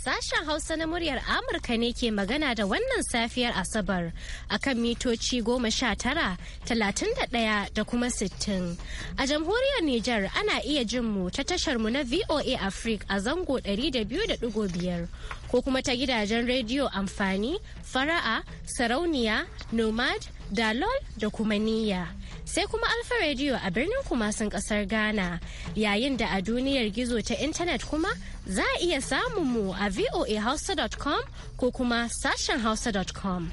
Sashen Hausa na muryar Amurka ne ke magana da wannan safiyar Asabar a kan mitoci goma sha tara, talatin da ɗaya da kuma sittin. A jamhuriyar Nijar ana iya jin mu ta tashar mu na VOA Africa a zango ɗari da biyu da ɗigo biyar ko kuma ta gidajen rediyo amfani, fara'a, sarauniya, nomad, dalol da kuma niyya. sai kuma Alfa rediyo a birnin kumasin kasar Ghana. Yayin da a duniyar gizo ta intanet kuma za a iya samun mu a voahausa.com ko kuma sashen hausa.com.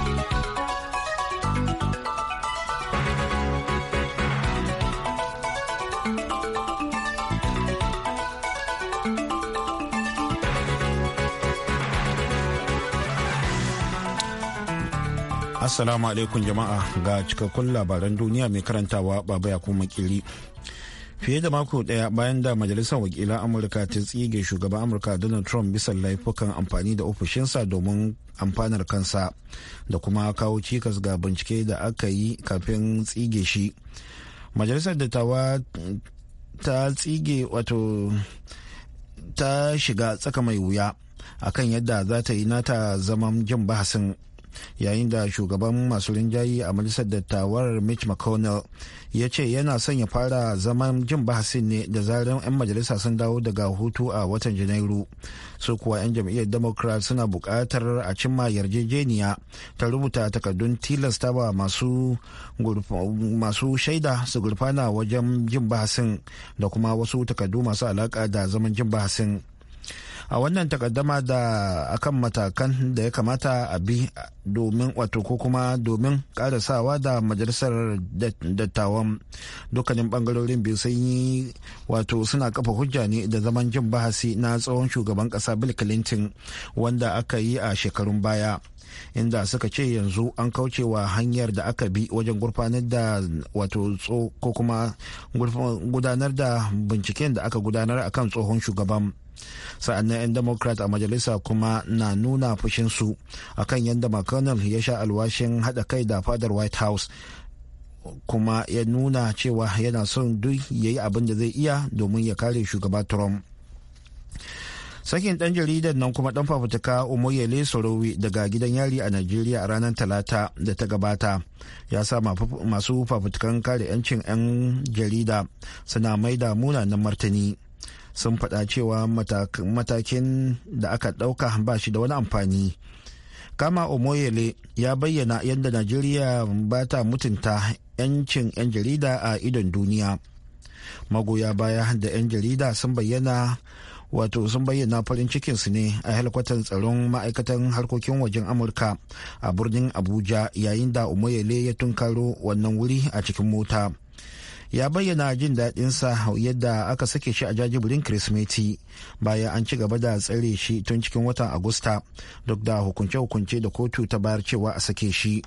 Assalamu alaikum jama'a ga cikakkun labaran duniya mai karantawa baba ya kuma kili. Fiye da mako daya bayan da majalisar wakilan Amurka ta tsige shugaban Amurka Donald Trump bisa laifukan amfani da ofishinsa domin amfanar kansa da kuma kawo cikas ga bincike da aka yi kafin tsige shi. Majalisar dattawa ta tsige wato ta shiga tsaka mai wuya akan yadda za ta yi nata zaman jin bahasin yayin da shugaban masu rinjayi a majalisar dattawar mitch mcconnell ya ce yana son ya fara zaman jin bahasin ne da zarar 'yan majalisa sun dawo daga hutu a watan janairu su kuwa 'yan jam'iyyar democrat suna buƙatar a cimma yarjejeniya ta rubuta takardun tilasta ba masu shaida su gurfana wajen jin bahasin da kuma wasu takardu masu alaƙa da zaman jin bahasin a wannan takaddama da akan matakan da ya kamata a bi domin wato ko kuma domin karasawa da majalisar dattawan dukkanin bangarorin biyu sun yi wato suna kafa hujja ne da zaman jin bahasi na tsohon shugaban kasa bill clinton wanda aka yi a shekarun baya inda suka ce yanzu an kauce wa hanyar da aka bi wajen gurfanar da wato ko kuma gudanar da binciken da aka gudanar akan tsohon shugaban sa'annan 'yan democrat a majalisa kuma na nuna fushinsu akan yadda mcconnell ya sha alwashin haɗa kai da fadar white house kuma ya nuna cewa yana son duk ya yi abin da zai iya domin ya kare shugaba trump sakin dan jaridar nan kuma dan fafutuka umoyele sorowi daga gidan yari a nigeria a ranar talata da ta gabata ya sa masu fafutukan kare 'yancin 'yan jarida suna mai da munanan martani sun faɗa cewa matakin da aka ɗauka ba shi da wani amfani kama omoyele ya bayyana yadda najeriya ba ta mutunta 'yancin 'yan jarida a idon duniya magoya baya da 'yan jarida sun bayyana wato sun bayyana farin cikinsu ne a helikwatan tsaron ma'aikatan harkokin wajen amurka a birnin abuja yayin da omoyele ya tunkaro wannan wuri a cikin mota ya bayyana jin daɗinsa yadda aka sake shi a jajibirin kirismeti bayan an ci gaba da tsare shi tun cikin watan agusta duk da hukunce-hukunce da kotu ta bayar cewa a sake shi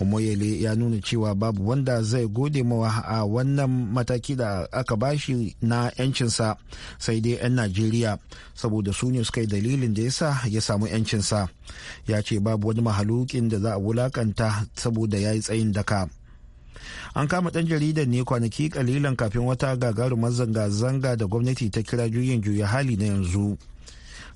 umoyele ya nuna cewa babu wanda zai gode mawa a wannan mataki da aka bashi na 'yancinsa sai dai 'yan najeriya saboda su ne suka yi dalilin da yasa ya samu 'yancinsa ya ce babu wani mahalukin da za a wulakanta saboda ya yi tsayin daka an kama dan jaridar ne kwanaki kalilan kafin wata gagarumar zanga-zanga da gwamnati ta kira juyin juya hali na yanzu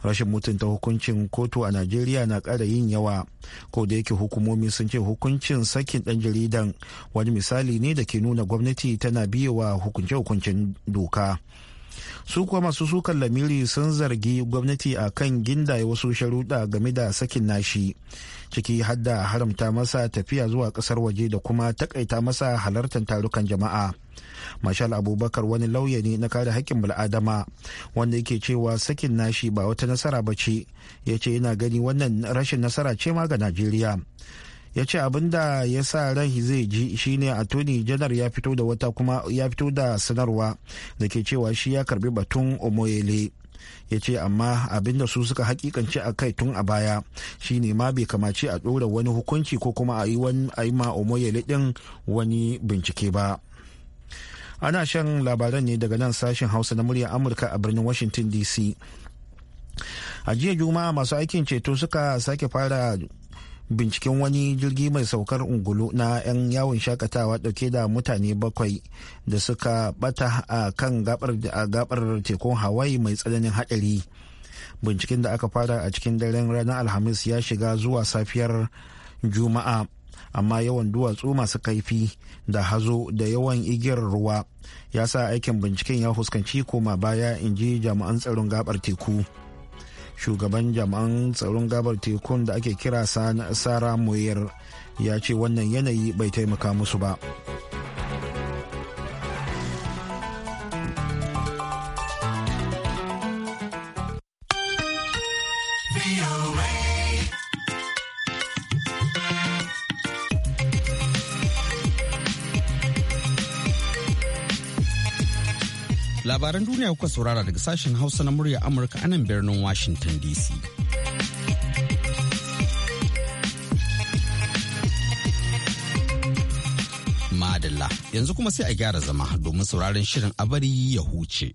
rashin mutunta hukuncin kotu a najeriya na kara yin yawa ko da yake hukumomi sun ce hukuncin sakin dan jaridan wani misali ne da ke nuna gwamnati tana biyewa hukunce hukuncin doka su kuwa masu sukan lamiri sun zargi gwamnati a kan gindaye wasu sharuɗa game da sakin nashi ciki har da haramta masa tafiya zuwa kasar waje da kuma takaita masa halartar tarukan jama'a mashal abubakar wani lauya ne na kare hakkin bil'adama wanda yake cewa sakin nashi ba wata nasara ba ce ya ce yana gani wannan rashin nasara ce ma ga najeriya ya ce abin da ya sa rai zai ji shine a tony janar ya fito da wata kuma ya fito da sanarwa da ke cewa shi ya karbi batun omoyele ya ce amma abin da su suka hakikance a kai tun a baya shine ma bai kamace a ɗora wani hukunci ko kuma a yi ma omoyele ɗin wani bincike ba ana shan labaran ne daga nan sashen hausa na muryar amurka a birnin washington dc a jiya juma'a masu aikin ceto suka sake fara binciken wani jirgi mai saukar ungulu na 'yan yawon shakatawa dauke da mutane bakwai da suka bata a kan gabar tekun hawaii mai tsananin haɗari binciken da aka fara a cikin daren ranar alhamis ya shiga zuwa safiyar juma'a amma yawan duwatsu masu kaifi da hazo da yawan igiyar ruwa ya sa aikin binciken ya fuskanci koma baya in ji jami'an tsaron gabar teku. shugaban jami'an tsaron gabar tekun da ake kira sara moyar ya ce wannan yanayi bai taimaka musu ba. labaran duniya kuka saurara daga sashen Hausa na murya Amurka a nan birnin Washington DC. Madalla yanzu kuma sai a gyara zama domin sauraron shirin abari ya huce.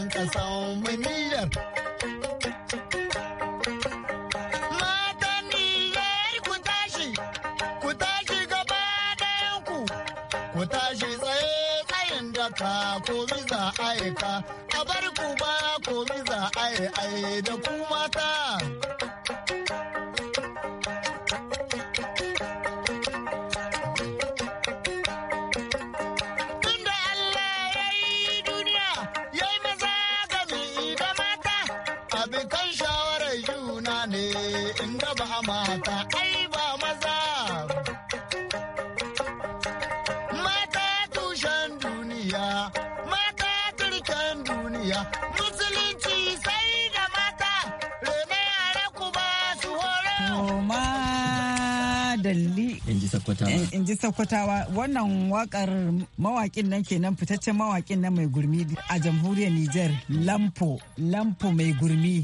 dan kasa mu Niger. Ku tashi tsaye tsayin ko aika, a bar ku ba ko biza da ku mata. sakkwatawa in ji sakkwatawa wannan wakar mawakin nan kenan fitaccen mawakin nan mai gurmi a jamhuriyar nijar lampo lampo mai gurmi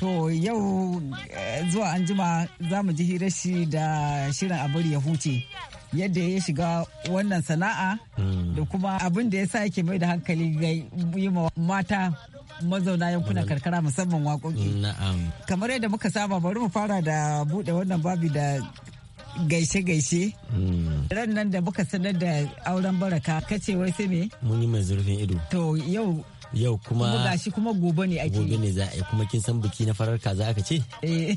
to yau eh, zuwa anjima za mu ji hirar shi da shirin abar ya huce yadda ya shiga wannan sana'a hmm. da kuma abin da ya sa yake mai da hankali ga yi mata mazauna yankunan karkara musamman waƙoƙi. Kamar yadda muka saba bari mu fara da buɗe wannan babi da gaishe-gaishe. Hmm. Ran nan da muka sanar da auren baraka kace wai sai me? Mun yi mai zurfin ido. To yau yau kuma shi kuma gobe ne ake gobe ne za a kuma kin san biki na farar kaza aka ce eh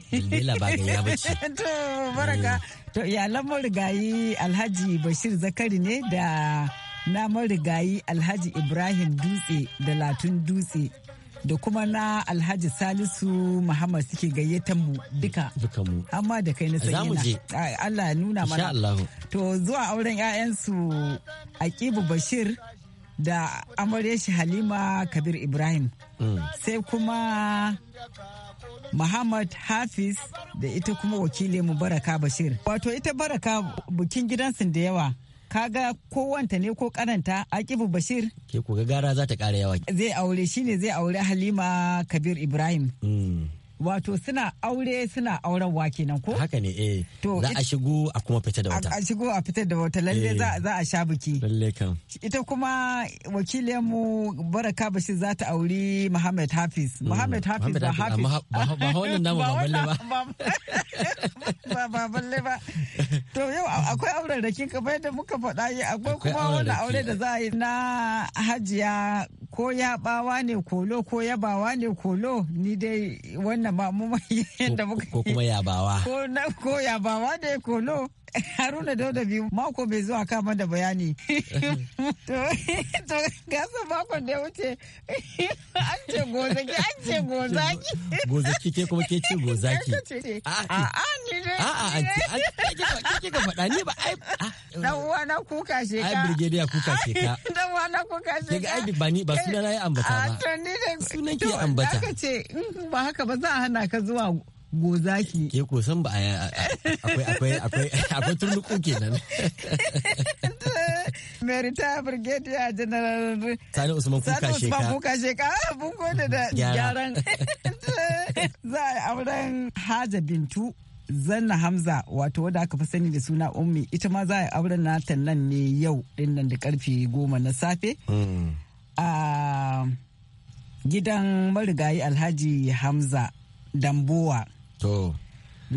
ba ga ya bace to baraka hmm. to iyalan marigayi Alhaji Bashir Zakari ne da na marigayi Alhaji Ibrahim Dutse da Latun Dutse da kuma na alhaji salisu muhammad suke gayyatan mu duka amma da kai na na. Allah nuna mana to zuwa auren 'ya'yansu aqibu bashir da amarya shi halima kabir ibrahim mm. sai kuma Muhammad Hafiz da ita kuma wakile mu Baraka Bashir. Wato ita Baraka bukin gidansu da yawa. kaga kowanta ne ko karanta akibu bashir ke koga gara za ta kara yawa zai aure shine zai aure halima kabir ibrahim mm. wato suna aure suna auren wa kenan ko haka ne eh to za a shigo a kuma fita da wata a shigo a fita da wata lalle eh. za a sha biki lalle kan ita kuma wakilin mu baraka bashir za ta auri muhammad hafiz muhammad hmm. hafiz ba hafiz ba wannan namu ba balle ba ba balle ba to yau akwai auren da kin bayar da muka faɗa yi akwai kuma wani aure da za a yi na hajiya ko ya bawa ne kolo ko bawa ne kolo ni dai wannan ba mu yadda muka ko kuma ya bawa ko ya bawa ne kolo Haruna Dauda biyu mako bai zuwa kama da bayani. To gasa mako da ya wuce an ce gozaki an ce gozaki. Gozaki ke kuma ke ce gozaki. A'a ni ne. A'a an ce ke ka faɗa ni ba ai. Ah, Dan uwa na kuka sheka. Ai ya kuka sheka. Dan uwa na kuka sheka. Daga ai ba ni ba suna na ambata ba. Sunan ke ambata. ce ba haka ba za a hana ka zuwa gozaki ke ko san ba akwai akwai akwai akwai turnuku kenan merita brigade ya general sani usman kuka sheka sani usman kuka sheka ah, mun gode da gyaran za a yi auren haja bintu zanna hamza wato wadda aka fi sani da suna ummi ita ma za a yi auren nata nan ne yau nan da karfe goma na safe mm. a gidan marigayi alhaji hamza damboa to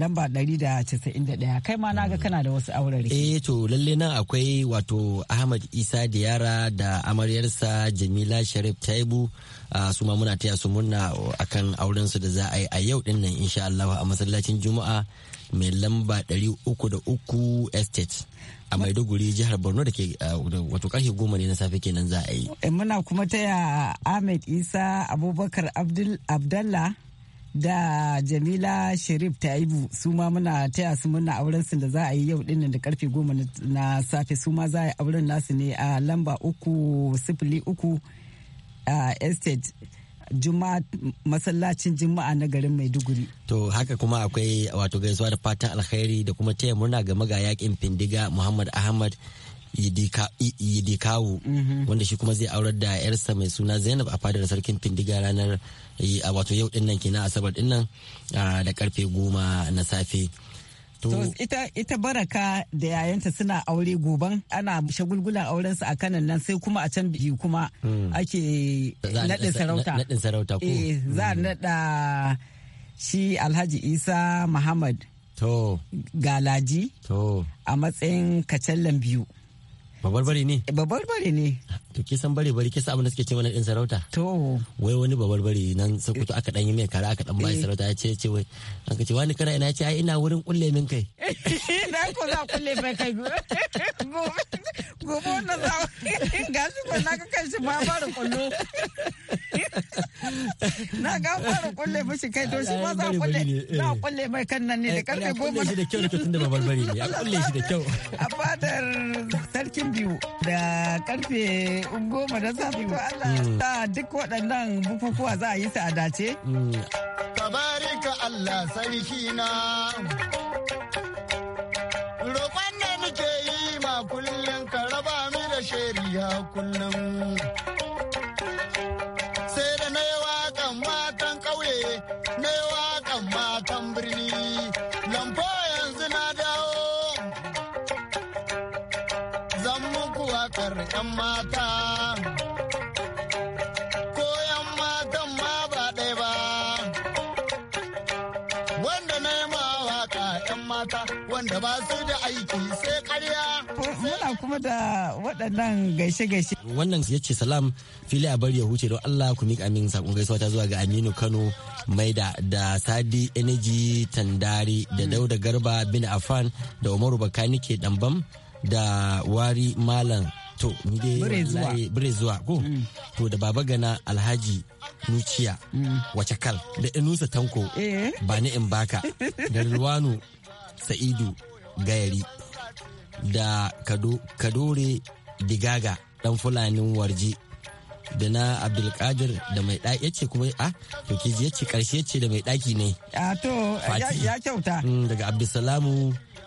lamba 191 kai ma na ga kana da wasu aurari eh to lalle nan akwai wato Ahmad Isa Diyara da amaryarsa Jamila Sharif Taibu uh, su ma muna taya su murna akan auren su da za a yi a yau din nan insha Allah a masallacin Juma'a mai lamba 303 estate a maiduguri jihar borno da ke wato karfe goma ne na safe kenan za a yi eh, muna kuma taya ahmed isa abubakar abdullah da jamila sharif taibu su ma muna taya su muna auren su da za a yi yau dinnan da karfe goma na safe su ma za a yi auren nasu ne a lamba uku sifili uku a estate juma'a masallacin juma'a na garin maiduguri to haka kuma akwai wato gaisuwa da fatan alkhairi da kuma taya murna ga yakin findiga muhammad ahmad Yidikawu mhm. wanda shi kuma zai aurar da yarsa mai suna Zainab a fadar sarkin Findiga ranar a wato yau dinnan kenan Asabar dinnan da karfe goma na safe. To ita ita baraka da yayanta suna aure goban ana shagulgulan auren su a kanan nan sai kuma a can biyu kuma hmm. ake nadin sarauta. Nadin sarauta ko. Eh, za a hmm. nada shi Alhaji Isa Muhammad. To. Galaji. To. A matsayin kacallan biyu. babarbare ne babarbare ne to ke san bare bare ke sa abin da suke ce mana din sarauta to wai wani babar bare nan sokoto aka dan yi mai kara aka dan bai eh. sarauta ya ce ce wai an ka ce wani kana ina ce ai ina wurin kulle min kai na ko za kulle mai kai gobe gobe na za ga su ko na ka kai su ba ba da kullu na ga ba da kulle shi kai to shi ma za kulle na eh. kulle mai kan nan ne da eh, karfe goma shi da kyau da tunda babar bare ne a kulle shi da kyau a fadar sarkin biyu da karfe goma da za to Allah ta duk waɗannan bukukuwa za a yi su a dace. Tabarika Allah sarki na roƙon da nake yi ma kullum ka raba mi da shari'a kullum. Sai da na yi waƙan matan ƙauye, na yi waƙan matan birni. 'yan mata. Ko 'yan matan ma ba ɗaya ba. Wanda na yi 'yan mata wanda ba su da aiki sai karya. Muna kuma da waɗannan gaishe-gaishe. Wannan ya ce salam fili a bari ya huce don Allah ku miƙa min sakon gaisuwa ta zuwa ga Aminu Kano Maida da Sadi Energy Tandari da mm. Dauda Garba bin Afan da Umaru Bakanike Dambam da Wari Malam to ni dai bire zuwa ko mm. to da baba gana alhaji nuciya mm. wace kal da inusa tanko eh. ba ni in baka da ruwanu sa'idu gayari da kadore digaga dan fulanin warji da na abdulkadir da mai ɗaki ya ce kuma a ah, to ke ya ce karshe ce da mai ɗaki ne a to ya kyauta mm, daga abdulsalamu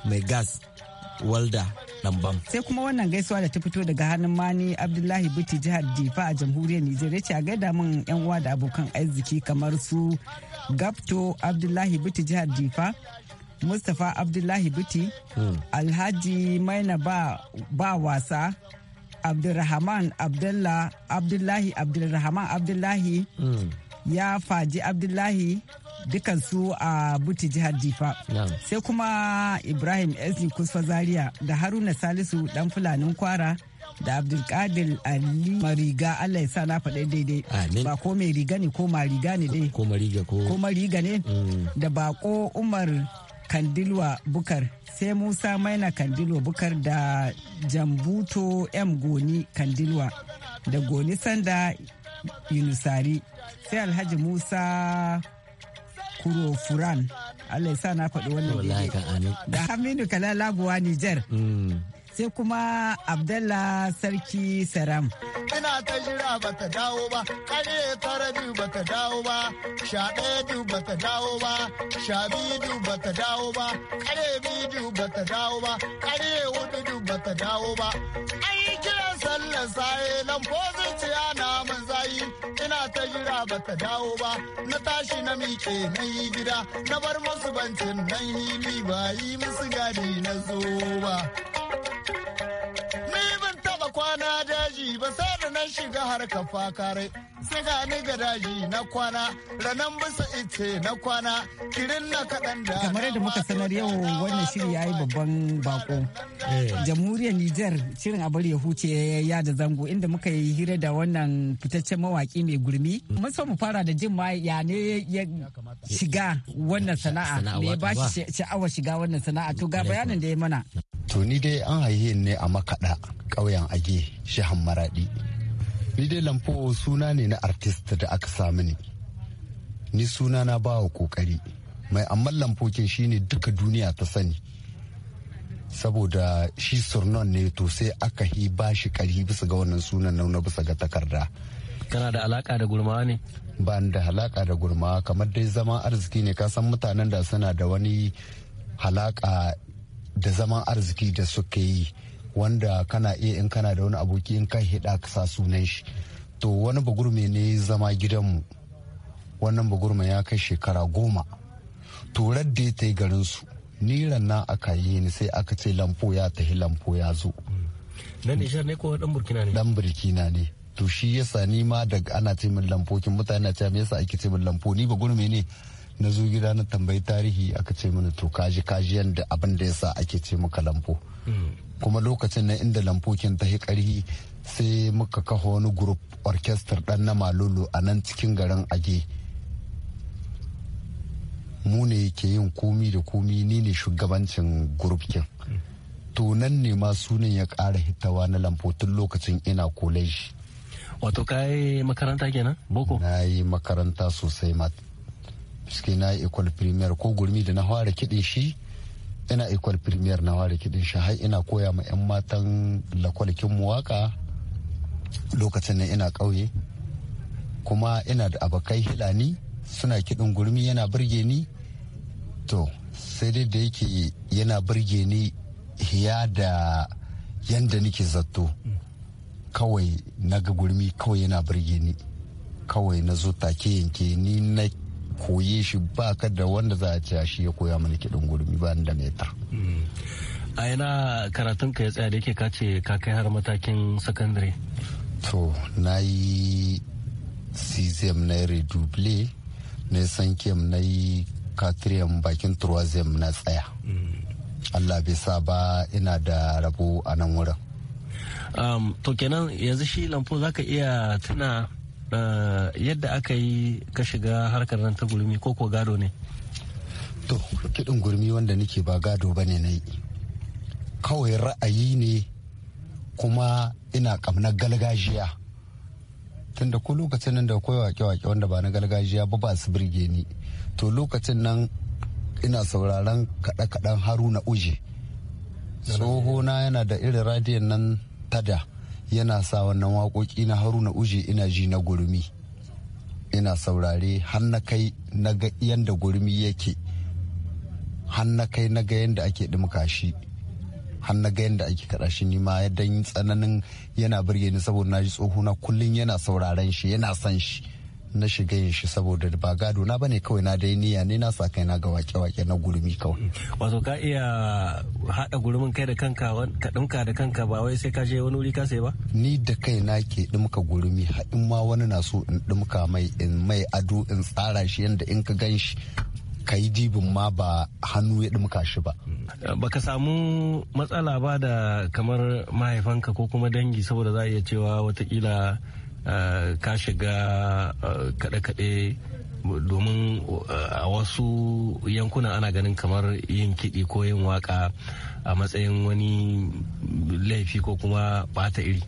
mai gas walda Sai kuma wannan gaisuwa da ta fito daga hannun Mani Abdullahi Buti jihar Difa a jamhuriyar Nijar ya ce a gaida min yan uwa da abokan arziki kamar su Gabto Abdullahi Buti jihar Difa. Mustapha Abdullahi Buti, hmm. Alhaji Maina ba wasa, Abdulrahman Abdullahi Abdullahi, hmm. ya faji Abdullahi, dukansu a buti jihar difa sai kuma ibrahim sd kusfa zaria da haruna salisu dan fulanin kwara da abdulkadir ali mariga allah ya sa na faɗa daidai ba ko mai riga ne ko mariga ne dai ko mariga ne mm. da bako umar kandilwa bukar sai musa maina kandilwa bukar da jambuto m goni kandilwa da goni sanda yunusari sai alhaji musa kuro furan allah ya sa na faɗi wannan da haminu kalalabuwa nijar hmm. sai kuma abdallah sarki saram ina ta jira ba ta dawo ba kare tara biyu ba ta dawo ba sha ɗaya biyu ba ta dawo ba sha biyu ba ta dawo ba kare biyu ba ta dawo ba kare hudu ba ta dawo ba an kiran sallar saye lamfo zuciya na ba ta dawo ba na tashi na mike na yi gida na bar masu bancin nan hili ba yi musu gadi na zo ba kwana daji ba sai da nan shiga harka fakare sai ga ni ga daji na kwana ranan bisa ice na kwana kirin na kaɗan da kamar yadda muka sanar yau wannan shiri ya yi babban bako eh. jamhuriyar niger shirin abar ya huce ya da zango inda muka yi hira da wannan fitaccen mawaki mai gurmi mun so mu fara da jin ma ya ne ya shiga wannan sana'a me ba shi sha'awar shiga wannan sana'a to ga bayanin da ya mana to ni dai an haihe ne a makaɗa ƙauyen age shehan maraɗi ni dai lamfo suna ne na artist da aka samu ne. ni suna na ba wa ƙoƙari mai amman lamfokin shine duka duniya ta sani saboda shi surnon ne to sai aka hi bashi shi bisa ga wannan sunan na bisa ga takarda kana da alaka da gurmawa ne ba da alaka da gurmawa kamar dai zama arziki ne kasan mutanen da suna da wani halaka da zaman arziki da suka yi wanda kana iya in kana da wani aboki in ka hida ka sa sunan shi to wani bagurme ne zama gidanmu wannan bagurme ya kai shekara goma to da ya ta yi su niran na aka yi ni sai aka ce lampo ya tahi lampo ya zo dan nishar ne ko dan burkina ne dan burkina ne to shi yasa ni ma daga ana ce min lampokin mutane na ce me yasa ake ce min lampo ni bagurme ne na zo gida na tambayi tarihi aka ce mana to kaji kaji yadda abin da yasa ake ce maka lampo hmm. kuma lokacin na inda lampokin ta yi karhi sai muka kafa wani group orchestra dan na malolo a nan cikin garin age mu ne ke yin komi da komi ni ne shugabancin gurufkin hmm. to nan ne ma sunan ya ƙara hitawa na tun lokacin ina koleji wato ka yi makaranta kenan boko na yi makaranta sosai ma suke na equal premier ko gurmi da na fara kiɗin shi ina equal premier na fara kiɗin shi har ina koya ma 'yan matan lakwalikin mu lokacin nan ina ƙauye kuma ina da abokai hilani suna kiɗin gurmi yana birge ni to sai dai da yake yana birge ni hiya da yanda nake zato kawai na ga gurmi kawai yana birge ni kawai na zo take yanke ni na koye shi ba ka da wanda za a cewa shi ya koya mana kiɗin gurmi ba da metar. a yana karatun ka ya tsaya da yake ka ce ka kai har matakin sakandare. to na yi cesium na redouble na sankem na yi katriyam bakin troisième na tsaya mm. allah bai sa ba ina da rabo a nan wurin to kenan yanzu shi lampo za ka iya tuna Eh, yadda aka yi ka shiga harkar nan ta gurmi ko ko gado ne to kiɗin gurmi wanda nake ba gado bane ne na yi kawai ra'ayi ne kuma ina ƙamnar galgajiya tunda ko lokacin nan da akwai wake-wake wanda ba na galgajiya ba ba su birge ni to lokacin nan ina sauraron kaɗe-kaɗen haruna uje tsohona yana da irin radiyon nan tada yana sa wannan waƙoƙi na haruna uje ina ji na gurmi ina saurare har na kai na ga yadda gurmi yake har na kai na ga yadda ake ɗimka shi har na ga yadda ake kaɗa shi nima yadda yin tsananin yana birge ni saboda na ji tsohuna kullum yana sauraren shi yana son shi na shiga yin shi saboda ba gado na bane kawai na dai niyya ne na sa na ga wake-wake na gurumi kawai. Wato ka iya haɗa gurumin kai da kanka ka ɗumka da kanka ba wai sai ka je wani wuri ka sai ba? Ni da kai na ke ɗumka gurumi in ma wani na so in ɗumka mai in mai ado in tsara shi yadda in ka gan shi ka yi dibin ma ba hannu ya ɗumka shi ba. Baka samu matsala ba da kamar mahaifanka ko kuma dangi saboda za a iya cewa watakila Eh, ka shiga eh, kaɗe-kaɗe domin eh, a wasu yankuna ana ganin kamar yin kiɗi ko yin waka a matsayin wani laifi ko kuma ɓata iri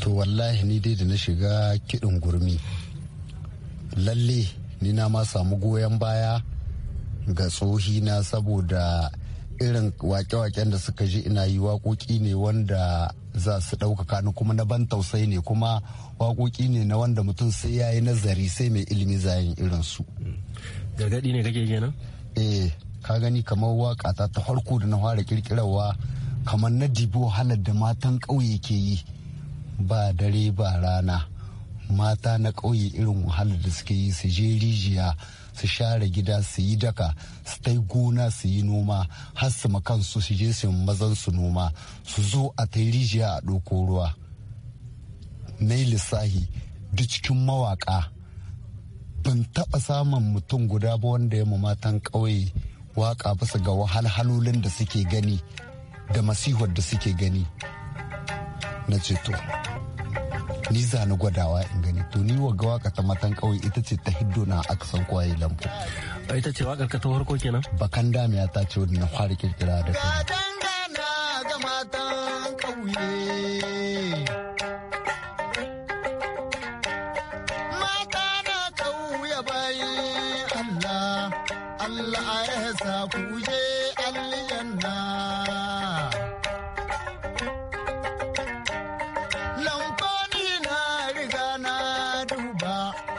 to wallahi ni dai da na shiga kiɗin gurmi lalle ni na ma samu goyon baya ga na saboda irin wake-waken da suka ji ina yi waƙoƙi ne wanda za su ɗaukaka ni kuma na ban tausayi ne kuma waƙoƙi ne na wanda mutum sai ya yi nazari sai mai ilimi zayin irin su gargaɗi ne kake kenan eh ka gani kamar waƙa ta ta farko da na fara ƙirƙirarwa kamar na dibo halar da matan ƙauye ke yi ba dare ba rana mata na ƙauye irin wahalar da suke yi su je rijiya su share gida su yi daka su tai gona su yi noma har su makansu su je su mazan su noma su zo a tai rijiya a ɗauko ruwa na yi lissahi duk cikin mawaka ban taɓa samun mutum guda ba wanda ya matan ƙauye waka bisa ga wahalhalolin da suke gani da masihuwar da suke gani na ceto ni zani gwadawa in gani to ni wa waka ta matan kawai ita ce ta hiddo na aka san kwaye lambu ita ce wakar ka ta farko kenan bakan damiya ta ce wadda na fara kirkira da ta yi. ga matan ba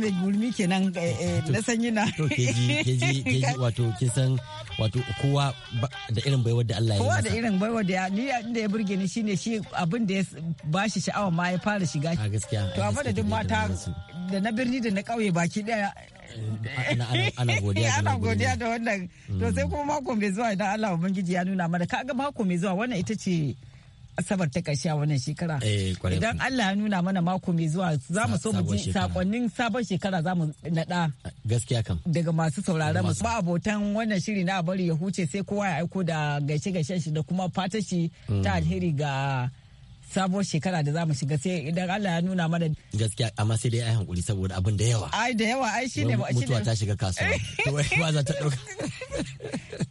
mai gurmi kenan eh, eh, na sanyi na keji wato kisan wato kowa da irin baiwar da Allah ya kowa da irin baiwar da ni inda ya burge ni shine shi abin da ya bashi sha'awa ma ya fara shiga a gaskiya to amma da duk mata da na birni da na kauye baki daya eh, ana godiya ana godiya da wannan to hmm. sai kuma mako mai zuwa idan Allah ubangiji ya nuna mana kaga mako mai zuwa wannan ita ce asabar ta ƙarshe a wannan shekara eh, idan Allah ya nuna mana mako mai zuwa za mu so mu ji sakonnin sabon shekara za mu naɗa gaskiya kam daga masu sauraron mu ba abotan wannan shiri na bari ya huce sai kowa ya aiko da gaishe gaishen shi da kuma fatashi hmm. ta alheri ga sabuwar shekara da za mu shiga sai idan Allah ya nuna mana gaskiya amma sai dai ai hankuri saboda abin da yawa ai da yawa ai shine mutuwa ta shiga kasuwa to wai ba za ta dauka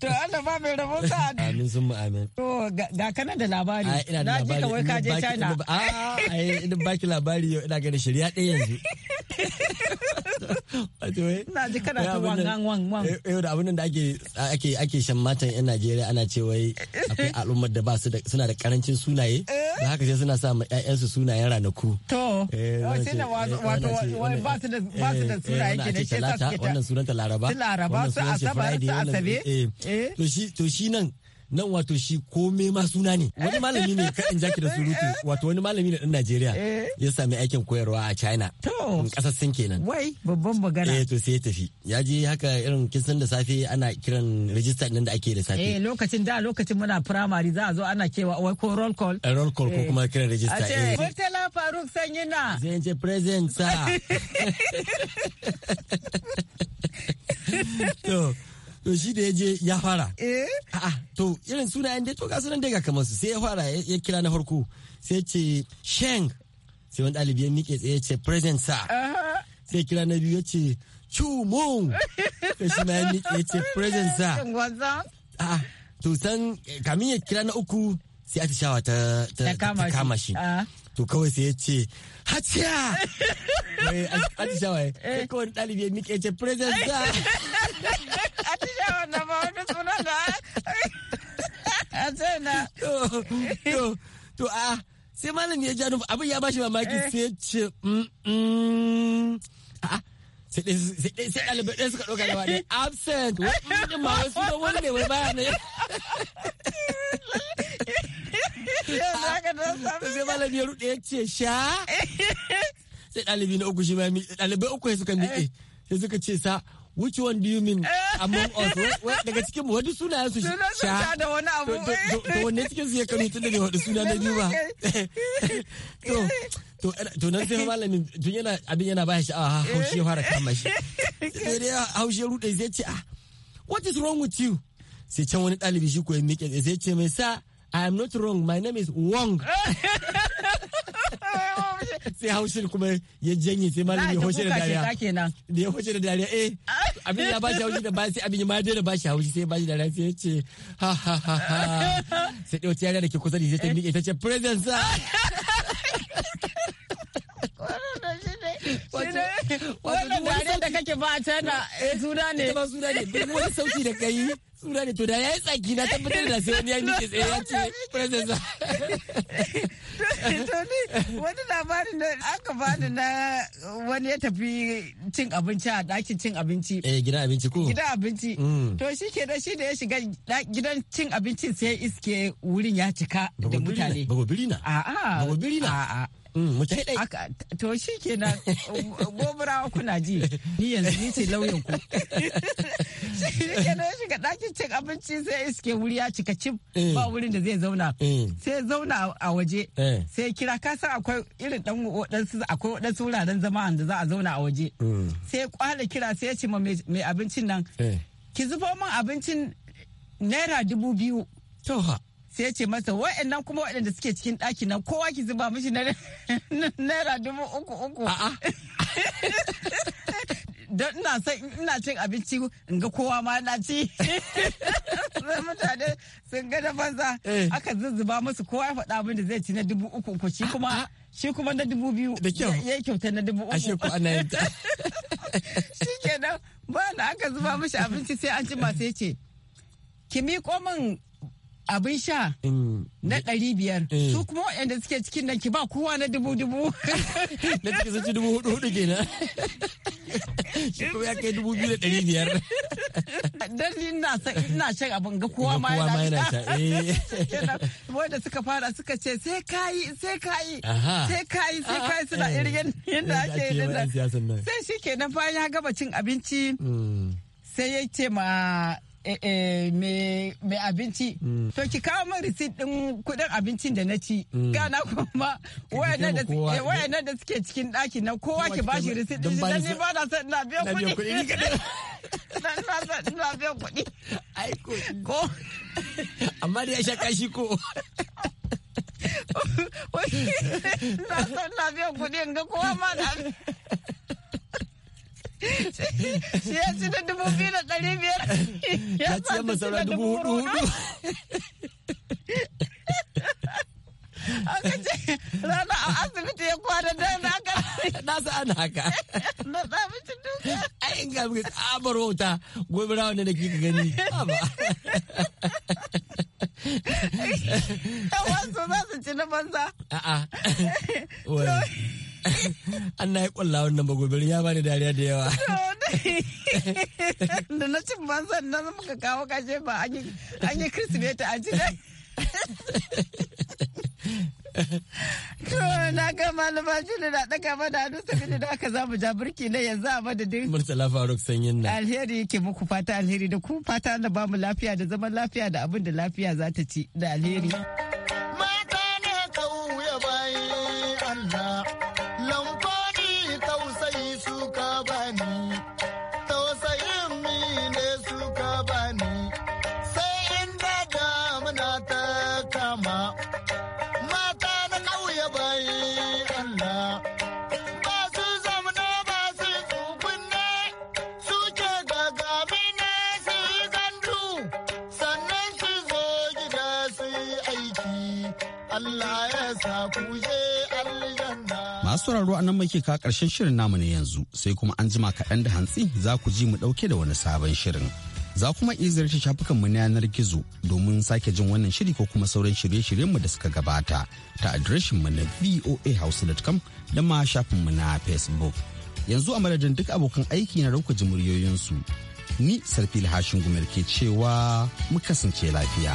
to Allah ba mai rabo sa amin sun mu amin to ga kanan da labari na ji ka wai ka je China a ai idan baki labari yau ina ga shirya ɗaya yanzu a na ji kana ta wangan wangan yau da abin da ake ake ake shan matan yan Najeriya ana ce wai akwai al'ummar da ba su da suna da karancin sunaye eh? da haka sai suna sa ma ƴaƴansu sunayen ranaku to eh, oh, sai da wato eh, ba su da ba eh, ke ne suke wannan sunan laraba su sunan to shi nan nan wato shi kome ma suna ne wani malami ne ka in jaki da surutu wato wani malami ne dan Najeriya eh. ya sami aikin koyarwa a China In kasar Sin kenan wai babban magana eh to sai ya tafi ya je haka irin kin san da safe ana kiran register din da ake da safe eh lokacin da lokacin muna primary za a zo ana kewa wai ko roll call roll call ko eh. kuma kiran register eh Murtala Faruk Sanyina zai je present sa to shi da ya je ya fara eh a'a to irin sunayen dai to ga sunan dai ga kamar su sai ya fara ya kira na farko sai ce sheng sai wani ɗalibi ya miƙe tsaye ce present sir sai kira na biyu ya ce chumong sai shi ma ya miƙe ya ce present sir a'a to san kamin ya kira na uku sai atishawa ta kama shi to kawai sai ya ce haciya atishawa kai kawai ɗalibi ya miƙe ya ce present sir tana to to to a sai malam ya ja nufa abin ya bashi mamaki eh. sai ya ce mm, mm. sai ɗalibai ɗaya suka ɗauka gaba ɗaya absent wani ma wasu wani ne wani baya na uku which one do you mean among us daga cikin wani suna su sha da wani abu to wanne cikin su ya kano tun da wani suna na biyu ba to to nan sai malamin tun yana abin yana ba shi a haushi ya fara kama shi sai dai haushi ya rude zai ce ah what is wrong with you sai can wani ɗalibi shi ko ya miƙe sai ce mai sa I am not wrong. My name is Wong. sai haushin kuma ya janye sai malami ya hoce da dariya da ya hoshe da dariya eh abin ya ba haushi da bashi sai abin ya ma da ba haushi sai bashi da dariya sai ya ce ha ha ha ha sai ɗauki yariya da ke kusa da ita ta miƙe ta ce presence wannan dariya da kake ba tana eh, suna ne ita ba suna ne duk wani sauki da kai tsura ne to da ya yi tsaki na tabbatar da sai wani ya miƙe tsaye ya ce princess to ni wani labarin da aka bani na wani ya tafi cin abinci a ɗakin cin abinci eh gidan abinci ko gidan abinci mm. to shi ke da shi da ya shiga gidan cin abincin sai iske wurin ya cika da mutane bagobiri birina. a'a bagobiri birina? a'a Mm, mujahidai to shi gobara kuna ji ni yanzu ni ce lauyan ku shi shiga ɗakin cin abinci sai iske wuri ya cika cif mm. ba wurin da zai zauna mm. sai zauna a waje eh. sai kira ka akwai irin dan waɗansu akwai waɗansu wuraren zama da za a zauna a waje sai kwala kira sai ya ce ma mai abincin nan eh. ki zubo min abincin naira dubu biyu sai ce masa nan kuma waɗanda suke cikin ɗaki nan kowa ki zuba mishi naira dubu uku uku don ina son ina cin abinci in ga kowa ma na ci sai mutane sun ga da banza eh. aka zuzzuba musu kowa ya faɗa abin da zai ci na dubu uku uku shi kuma shi kuma na dubu biyu ya kyauta na dubu uku ashe ko ana yin ta shi kenan ba da aka zuba mishi abinci sai an ci sai ce ki miƙo min abin sha mm. na ɗari biyar mm. su kuma waɗanda suke cikin nan ki ba kowa na dubu dubu na cikin sun ci dubu hudu hudu kenan shi kuma ya kai dubu biyu da ɗari biyar don ina ina shan abin ga kowa ma yana sha eh. wanda suka fara suka ce sai kayi sai kayi sai kayi sai kayi suna eh. irin yadda ake yi sai shi kenan bayan ya gaba cin abinci mm. sai ya ce ma Eh, eh, mai abinci mm. to ki kawo min receipt din kudin abincin da na ci mm. gana kuma eh, wayannan da suke cikin daki na kowa ki shi receipt din dan ni ba na san na biyan kudi dan na san na biyan kudi ai ko amma dai ya sha kashi ko na san na biyan kudi ga kowa ma na ya ci da dubu biyu da ɗari biyar ya ci dubu hudu hudu aka ce rana a asibiti ya kwana da na na sa ana haka na ci duka ai ga mu ah, gobe nake gani Yawan su za su ci na banza. A'a. an na yi ƙwalla wannan gobe ya bani dariya da yawa da na cin zan na muka kawo kashe ba an yi kirsimeti a ji dai na ga malama shi da na ɗaga mana hannu sabi da aka zamu ja birki na yanzu a madadin. Murtala Faruk sanyin na. Alheri yake muku fata alheri da ku fata na bamu lafiya da zaman lafiya da abin da lafiya za ta ci da alheri. sauraro a nan muke ka karshen shirin namu ne yanzu sai kuma an jima kaɗan da hantsi za ku ji mu ɗauke da wani sabon shirin. Za kuma iya ziyarci shafukanmu na yanar gizo domin sake jin wannan shiri ko kuma sauran shirye-shiryenmu da suka gabata ta adireshinmu na voahouse.com da ma shafinmu na Facebook. Yanzu a madadin duk abokan aiki na rauka ji muryoyinsu. Ni Sarfil Hashin Gumel ke cewa mu kasance lafiya.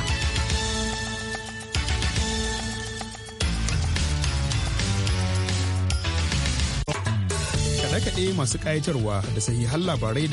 kaɗe-kaɗe masu ƙayatarwa da sahihan labarai daga